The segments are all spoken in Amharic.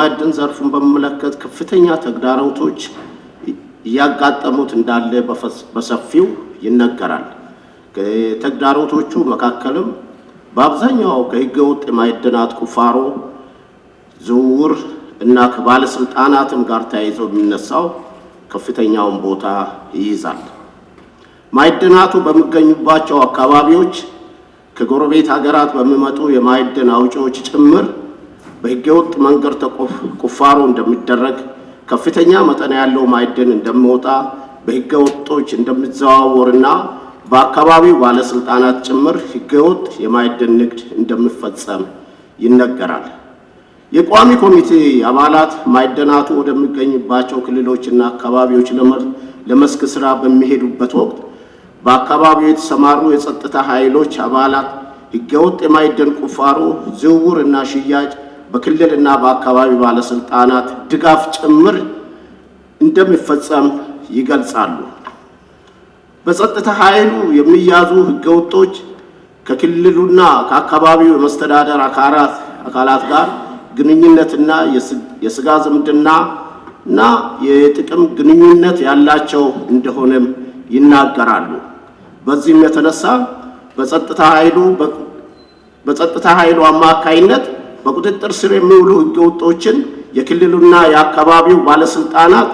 የማዕድን ዘርፉን በሚመለከት ከፍተኛ ተግዳሮቶች እያጋጠሙት እንዳለ በሰፊው ይነገራል። ከተግዳሮቶቹ መካከልም በአብዛኛው ከሕገ ወጥ የማዕድናት ቁፋሮ፣ ዝውውር እና ከባለስልጣናትም ጋር ተያይዞ የሚነሳው ከፍተኛውን ቦታ ይይዛል። ማዕድናቱ በሚገኙባቸው አካባቢዎች ከጎረቤት ሀገራት በሚመጡ የማዕድን አውጪዎች ጭምር በህገ ወጥ መንገድ ቁፋሮ እንደሚደረግ፣ ከፍተኛ መጠን ያለው ማዕድን እንደሚወጣ፣ በህገ ወጦች እንደሚዘዋወርና በአካባቢው ባለስልጣናት ጭምር ህገ ወጥ የማዕድን ንግድ እንደሚፈጸም ይነገራል። የቋሚ ኮሚቴ አባላት ማዕድናቱ ወደሚገኝባቸው ክልሎችና አካባቢዎች ለመስክ ስራ በሚሄዱበት ወቅት በአካባቢው የተሰማሩ የጸጥታ ኃይሎች አባላት ህገወጥ የማዕድን ቁፋሮ፣ ዝውውር እና ሽያጭ በክልልና በአካባቢ ባለስልጣናት ድጋፍ ጭምር እንደሚፈጸም ይገልጻሉ። በጸጥታ ኃይሉ የሚያዙ ህገወጦች ከክልሉና ከአካባቢው የመስተዳደር አካላት ጋር ግንኙነትና የስጋ ዝምድና እና የጥቅም ግንኙነት ያላቸው እንደሆነም ይናገራሉ። በዚህም የተነሳ በጸጥታ ኃይሉ በጸጥታ ኃይሉ አማካይነት በቁጥጥር ስር የሚውሉ ህገወጦችን የክልሉና የአካባቢው ባለስልጣናት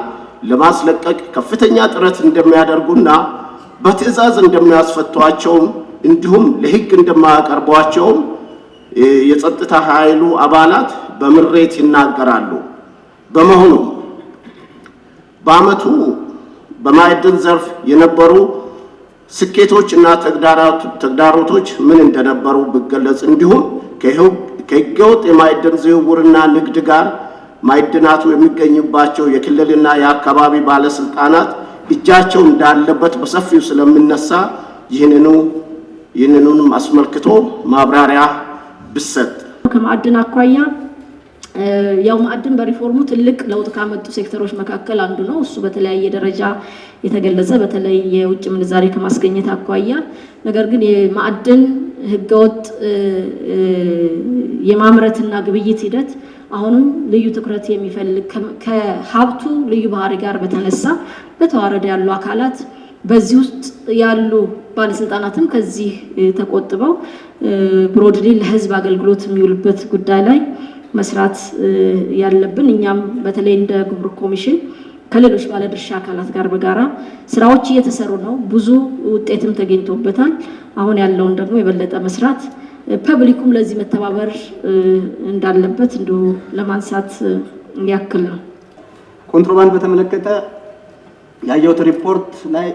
ለማስለቀቅ ከፍተኛ ጥረት እንደሚያደርጉና በትዕዛዝ እንደሚያስፈቷቸውም እንዲሁም ለህግ እንደማያቀርቧቸውም የጸጥታ ኃይሉ አባላት በምሬት ይናገራሉ። በመሆኑ በአመቱ በማዕድን ዘርፍ የነበሩ ስኬቶች እና ተግዳሮቶች ምን እንደነበሩ ቢገለጽ እንዲሁም ከህገወጥ የማዕድን ዝውውርና ንግድ ጋር ማዕድናቱ የሚገኝባቸው የክልልና የአካባቢ ባለስልጣናት እጃቸው እንዳለበት በሰፊው ስለሚነሳ ይህንኑ ይህንኑንም አስመልክቶ ማብራሪያ ብሰጥ ከማዕድን አኳያ ያው ማዕድን በሪፎርሙ ትልቅ ለውጥ ካመጡ ሴክተሮች መካከል አንዱ ነው። እሱ በተለያየ ደረጃ የተገለጸ በተለይ የውጭ ምንዛሬ ከማስገኘት አኳያ ነገር ግን የማዕድን ህገወጥ የማምረትና ግብይት ሂደት አሁንም ልዩ ትኩረት የሚፈልግ ከሀብቱ ልዩ ባህሪ ጋር በተነሳ በተዋረደ ያሉ አካላት በዚህ ውስጥ ያሉ ባለስልጣናትም ከዚህ ተቆጥበው ብሮድሊ ለህዝብ አገልግሎት የሚውልበት ጉዳይ ላይ መስራት ያለብን እኛም በተለይ እንደ ግብር ኮሚሽን ከሌሎች ባለድርሻ አካላት ጋር በጋራ ስራዎች እየተሰሩ ነው። ብዙ ውጤትም ተገኝቶበታል። አሁን ያለውን ደግሞ የበለጠ መስራት ፐብሊኩም ለዚህ መተባበር እንዳለበት እንዲሁ ለማንሳት ያክል ነው። ኮንትሮባንድ በተመለከተ ያየሁት ሪፖርት ላይ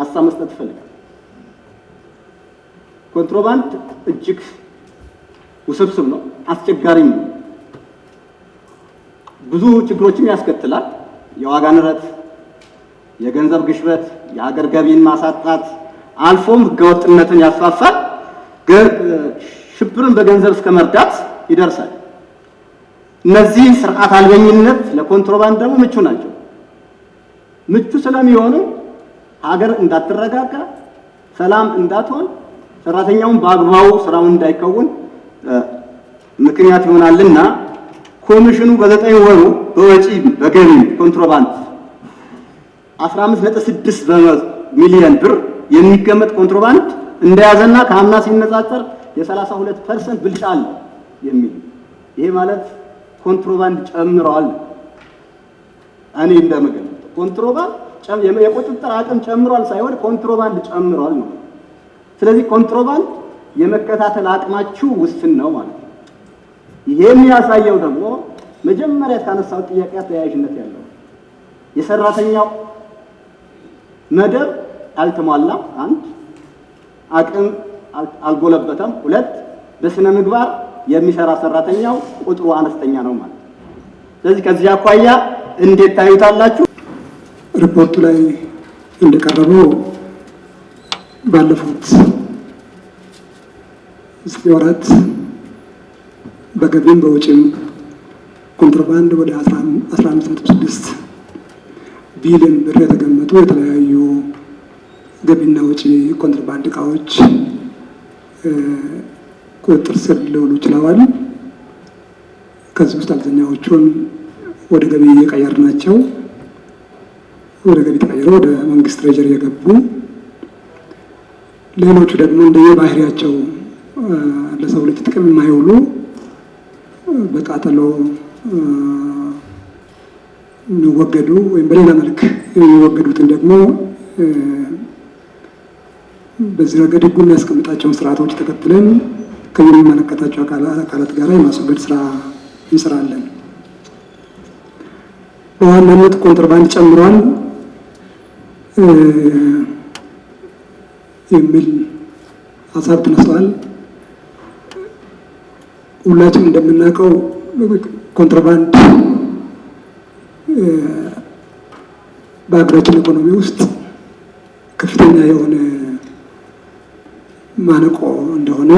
ሀሳብ መስጠት ይፈልጋል። ኮንትሮባንድ እጅግ ውስብስብ ነው፣ አስቸጋሪም ነው። ብዙ ችግሮችም ያስከትላል። የዋጋ ንረት፣ የገንዘብ ግሽበት፣ የሀገር ገቢን ማሳጣት አልፎም ህገወጥነትን ያስፋፋል፣ ሽብርን በገንዘብ እስከ መርዳት ይደርሳል። እነዚህ ስርዓት አልበኝነት ለኮንትሮባንድ ደግሞ ምቹ ናቸው። ምቹ ስለሚሆኑ ሀገር እንዳትረጋጋ፣ ሰላም እንዳትሆን፣ ሰራተኛውን በአግባቡ ስራውን እንዳይከውን ምክንያት ይሆናልና ኮሚሽኑ በዘጠኝ ወሩ በወጪ በገቢ ኮንትሮባንድ 15.6 ሚሊዮን ብር የሚገመጥ ኮንትሮባንድ እንደያዘና ከአምና ሲነጻጸር የ32 ፐርሰንት ብልጫ አለ የሚል ይሄ ማለት ኮንትሮባንድ ጨምረዋል። እኔ እንደምገለጥ ኮንትሮባንድ የቁጥጥር አቅም ጨምሯል ሳይሆን ኮንትሮባንድ ጨምሯል ነው። ስለዚህ ኮንትሮባንድ የመከታተል አቅማችሁ ውስን ነው ማለት ነው። ይሄ የሚያሳየው ደግሞ መጀመሪያ ካነሳው ጥያቄ ተያያዥነት ያለው የሰራተኛው መደብ አልተሟላም፣ አንድ አቅም አልጎለበተም፣ ሁለት በስነ ምግባር የሚሰራ ሰራተኛው ቁጥሩ አነስተኛ ነው ማለት። ስለዚህ ከዚህ አኳያ እንዴት ታዩታላችሁ? ሪፖርቱ ላይ እንደቀረበው ባለፉት ዘጠኝ ወራት በገቢም በውጭም ኮንትሮባንድ ወደ 15.6 ቢሊዮን ብር የተገመጡ የተለያዩ ገቢና ወጪ ኮንትርባንድ እቃዎች ቁጥጥር ስር ሊውሉ ችለዋል። ከዚህ ውስጥ አብዛኛዎቹን ወደ ገቢ እየቀየር ናቸው ወደ ገቢ ተቀይረው ወደ መንግስት ትሬጀሪ የገቡ ሌሎቹ ደግሞ እንደየባህሪያቸው ለሰው ልጅ ጥቅም የማይውሉ በቃጠሎ የሚወገዱ ወይም በሌላ መልክ የሚወገዱትን ደግሞ በዚህ ረገድ ህጉ የሚያስቀምጣቸውን ስርዓቶች ተከትለን ከሚመለከታቸው አካላት ጋር የማስወገድ ስራ እንሰራለን። በዋናነት ኮንትራባንድ ጨምሯል የሚል ሀሳብ ተነስተዋል። ሁላችንም እንደምናውቀው ኮንትራባንድ በሀገራችን ኢኮኖሚ ውስጥ ከፍተኛ የሆነ ማነቆ እንደሆነ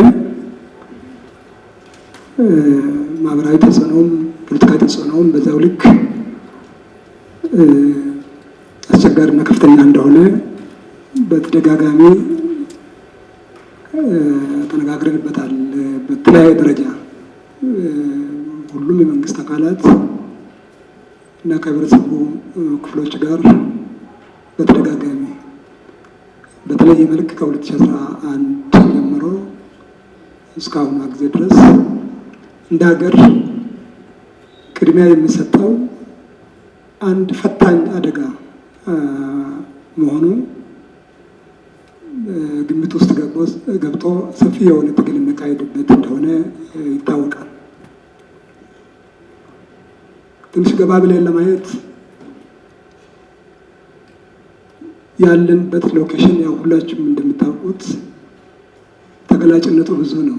ማህበራዊ ተጽዕኖም ፖለቲካዊ ተጽዕኖም በዛው ልክ አስቸጋሪና ከፍተኛ እንደሆነ በተደጋጋሚ ተነጋግረንበታል። በተለያየ ደረጃ ሁሉም የመንግስት አካላት እና ከህብረተሰቡ ክፍሎች ጋር በተደጋጋሚ በተለየ መልክ ከ2011 ጀምሮ እስካሁኗ ጊዜ ድረስ እንደ ሀገር ቅድሚያ የሚሰጠው አንድ ፈታኝ አደጋ መሆኑ ግምት ውስጥ ገብቶ ሰፊ የሆነ ትግል የሚካሄድበት እንደሆነ ይታወቃል። ትንሽ ገባ ብለን ለማየት ያለንበት ሎኬሽን ያው ሁላችሁም እንደምታውቁት ተገላጭነቱ ብዙ ነው።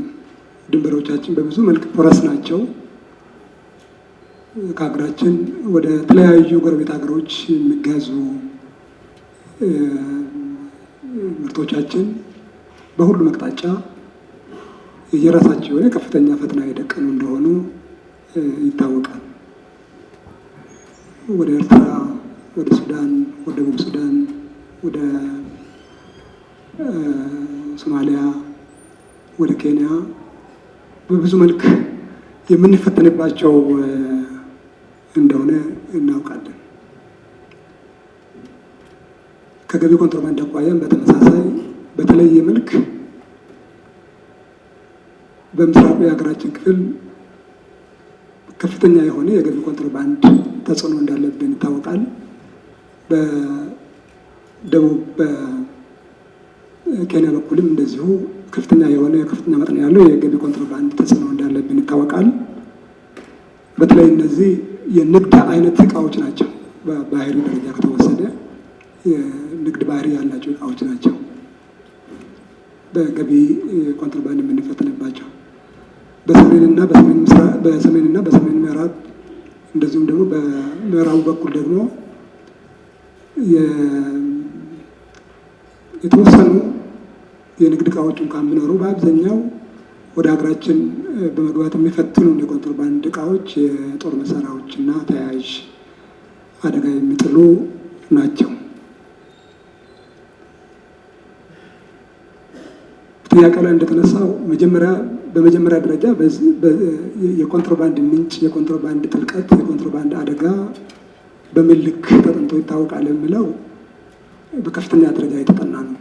ድንበሮቻችን በብዙ መልክ ፖረስ ናቸው። ከሀገራችን ወደ ተለያዩ ጎረቤት ሀገሮች የሚገዙ ምርቶቻችን በሁሉም አቅጣጫ የራሳቸው የሆነ ከፍተኛ ፈተና የደቀኑ እንደሆኑ ይታወቃል። ወደ ኤርትራ፣ ወደ ሱዳን፣ ወደ ደቡብ ሱዳን፣ ወደ ሶማሊያ ወደ ኬንያ በብዙ መልክ የምንፈተንባቸው እንደሆነ እናውቃለን። ከገቢ ኮንትሮባንድ አኳያም በተመሳሳይ በተለየ መልክ በምስራቁ የሀገራችን ክፍል ከፍተኛ የሆነ የገቢ ኮንትሮባንድ ተጽዕኖ እንዳለብን ይታወቃል። በደቡብ በኬንያ በኩልም እንደዚሁ ከፍተኛ የሆነ ከፍተኛ መጠን ያለው የገቢ ኮንትሮባንድ ተጽዕኖ እንዳለብን ይታወቃል። በተለይ እነዚህ የንግድ አይነት እቃዎች ናቸው። በባህሪ ደረጃ ከተወሰደ የንግድ ባህሪ ያላቸው እቃዎች ናቸው በገቢ ኮንትሮባንድ የምንፈተንባቸው በሰሜንና በሰሜንና በሰሜን ምዕራብ እንደዚሁም ደግሞ በምዕራቡ በኩል ደግሞ የተወሰኑ የንግድ እቃዎች እንኳን ቢኖሩ በአብዛኛው ወደ ሀገራችን በመግባት የሚፈትኑ የኮንትሮባንድ እቃዎች የጦር መሳሪያዎች እና ተያያዥ አደጋ የሚጥሉ ናቸው። ጥያቄ ላይ እንደተነሳው መጀመሪያ በመጀመሪያ ደረጃ የኮንትሮባንድ ምንጭ፣ የኮንትሮባንድ ጥልቀት፣ የኮንትሮባንድ አደጋ በምን ልክ ተጠንቶ ይታወቃል የሚለው በከፍተኛ ደረጃ የተጠና ነው።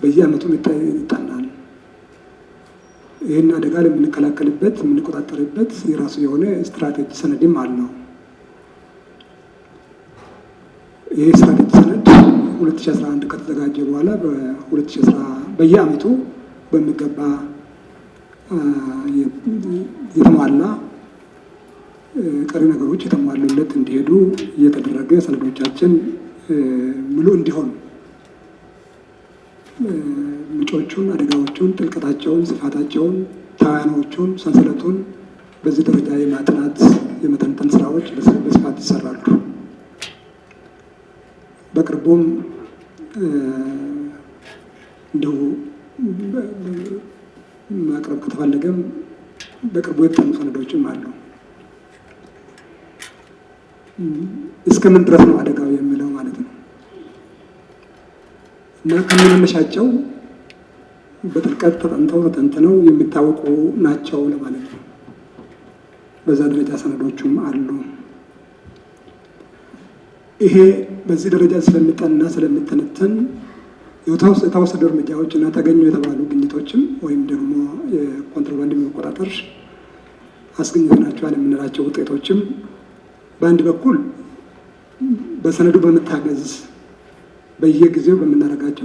በየአመቱ ይጠናል። ይህን አደጋ የምንከላከልበት የምንቆጣጠርበት የራሱ የሆነ ስትራቴጂ ሰነድም አለው። ይህ ስትራቴጂ ሰነድ 2011 ከተዘጋጀ በኋላ በየአመቱ በሚገባ የተሟላ ቀሪ ነገሮች የተሟሉለት እንዲሄዱ እየተደረገ ሰነዶቻችን ሙሉ እንዲሆን ምንጮቹን፣ አደጋዎቹን፣ ጥልቀታቸውን፣ ስፋታቸውን፣ ተዋናዮቹን፣ ሰንሰለቱን በዚህ ደረጃ የማጥናት የመተንተን ስራዎች በስፋት ይሰራሉ። በቅርቡም እንዲሁ ማቅረብ ከተፈለገም በቅርቡ የተጠኑ ሰነዶችም አሉ። እስከምን ድረስ ነው አደጋው የሚለው እና ከምናመሻቸው በጥልቀት ተጠንተው ተጠንትነው የሚታወቁ ናቸው ለማለት ነው። በዛ ደረጃ ሰነዶቹም አሉ። ይሄ በዚህ ደረጃ ስለሚጠና ስለሚተነተን የተወሰዱ እርምጃዎች እና ተገኙ የተባሉ ግኝቶችም ወይም ደግሞ የኮንትሮባንድ መቆጣጠር አስገኝተናቸዋል ናቸዋል የምንላቸው ውጤቶችም በአንድ በኩል በሰነዱ በመታገዝ በየጊዜው በምናደርጋቸው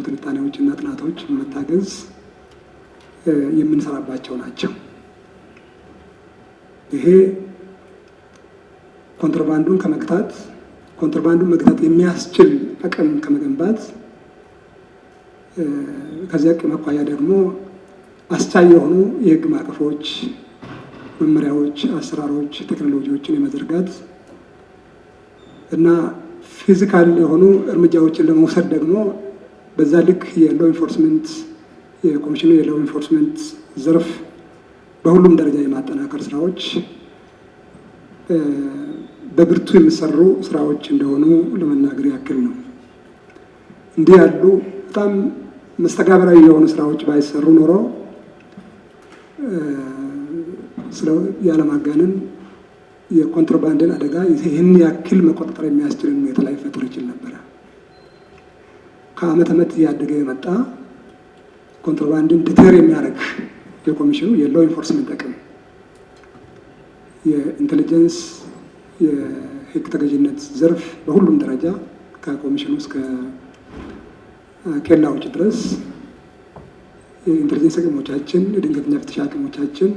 እና ጥናቶች መታገዝ የምንሰራባቸው ናቸው። ይሄ ኮንትሮባንዱን ከመግታት ኮንትሮባንዱን መግታት የሚያስችል አቅም ከመገንባት ከዚያ አቅም አኳያ ደግሞ አስቻይ የሆኑ የህግ ማዕቀፎች፣ መመሪያዎች፣ አሰራሮች፣ ቴክኖሎጂዎችን የመዘርጋት እና ፊዚካል የሆኑ እርምጃዎችን ለመውሰድ ደግሞ በዛ ልክ የሎ ኢንፎርስመንት የኮሚሽኑ የሎ ኢንፎርስመንት ዘርፍ በሁሉም ደረጃ የማጠናከር ስራዎች በብርቱ የሚሰሩ ስራዎች እንደሆኑ ለመናገር ያክል ነው። እንዲህ ያሉ በጣም መስተጋበራዊ የሆኑ ስራዎች ባይሰሩ ኖሮ ያለማጋነን የኮንትሮባንድን አደጋ ይህን ያክል መቆጣጠር የሚያስችል ሁኔታ ላይ ፈጥሮ ይችል ነበረ። ከአመት አመት እያደገ የመጣ ኮንትሮባንድን ዲተር የሚያደርግ የኮሚሽኑ የሎ ኢንፎርስመንት አቅም የኢንቴሊጀንስ የህግ ተገዥነት ዘርፍ በሁሉም ደረጃ ከኮሚሽኑ እስከ ኬላዎች ድረስ የኢንቴሊጀንስ አቅሞቻችን፣ የድንገተኛ ፍተሻ አቅሞቻችን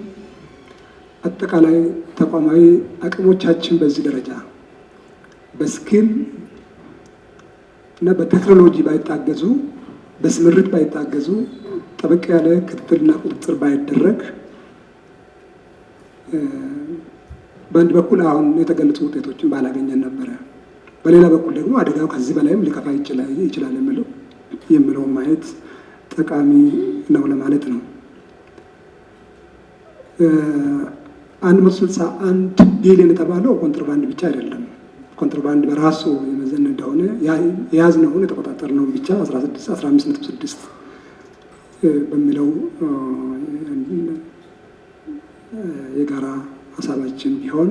አጠቃላይ ተቋማዊ አቅሞቻችን በዚህ ደረጃ በስኪል እና በቴክኖሎጂ ባይታገዙ በስምርት ባይታገዙ ጠበቅ ያለ ክትትልና ቁጥጥር ባይደረግ በአንድ በኩል አሁን የተገለጹ ውጤቶችን ባላገኘን ነበረ። በሌላ በኩል ደግሞ አደጋው ከዚህ በላይም ሊከፋ ይችላል የምለው የምለውን ማየት ጠቃሚ ነው ለማለት ነው። አንድ መቶ ስልሳ አንድ ቢሊዮን የተባለው ኮንትሮባንድ ብቻ አይደለም። ኮንትርባንድ በራሱ የመዘን እንደሆነ የያዝነውን የተቆጣጠርነውን ብቻ 16 በሚለው የጋራ ሀሳባችን ቢሆን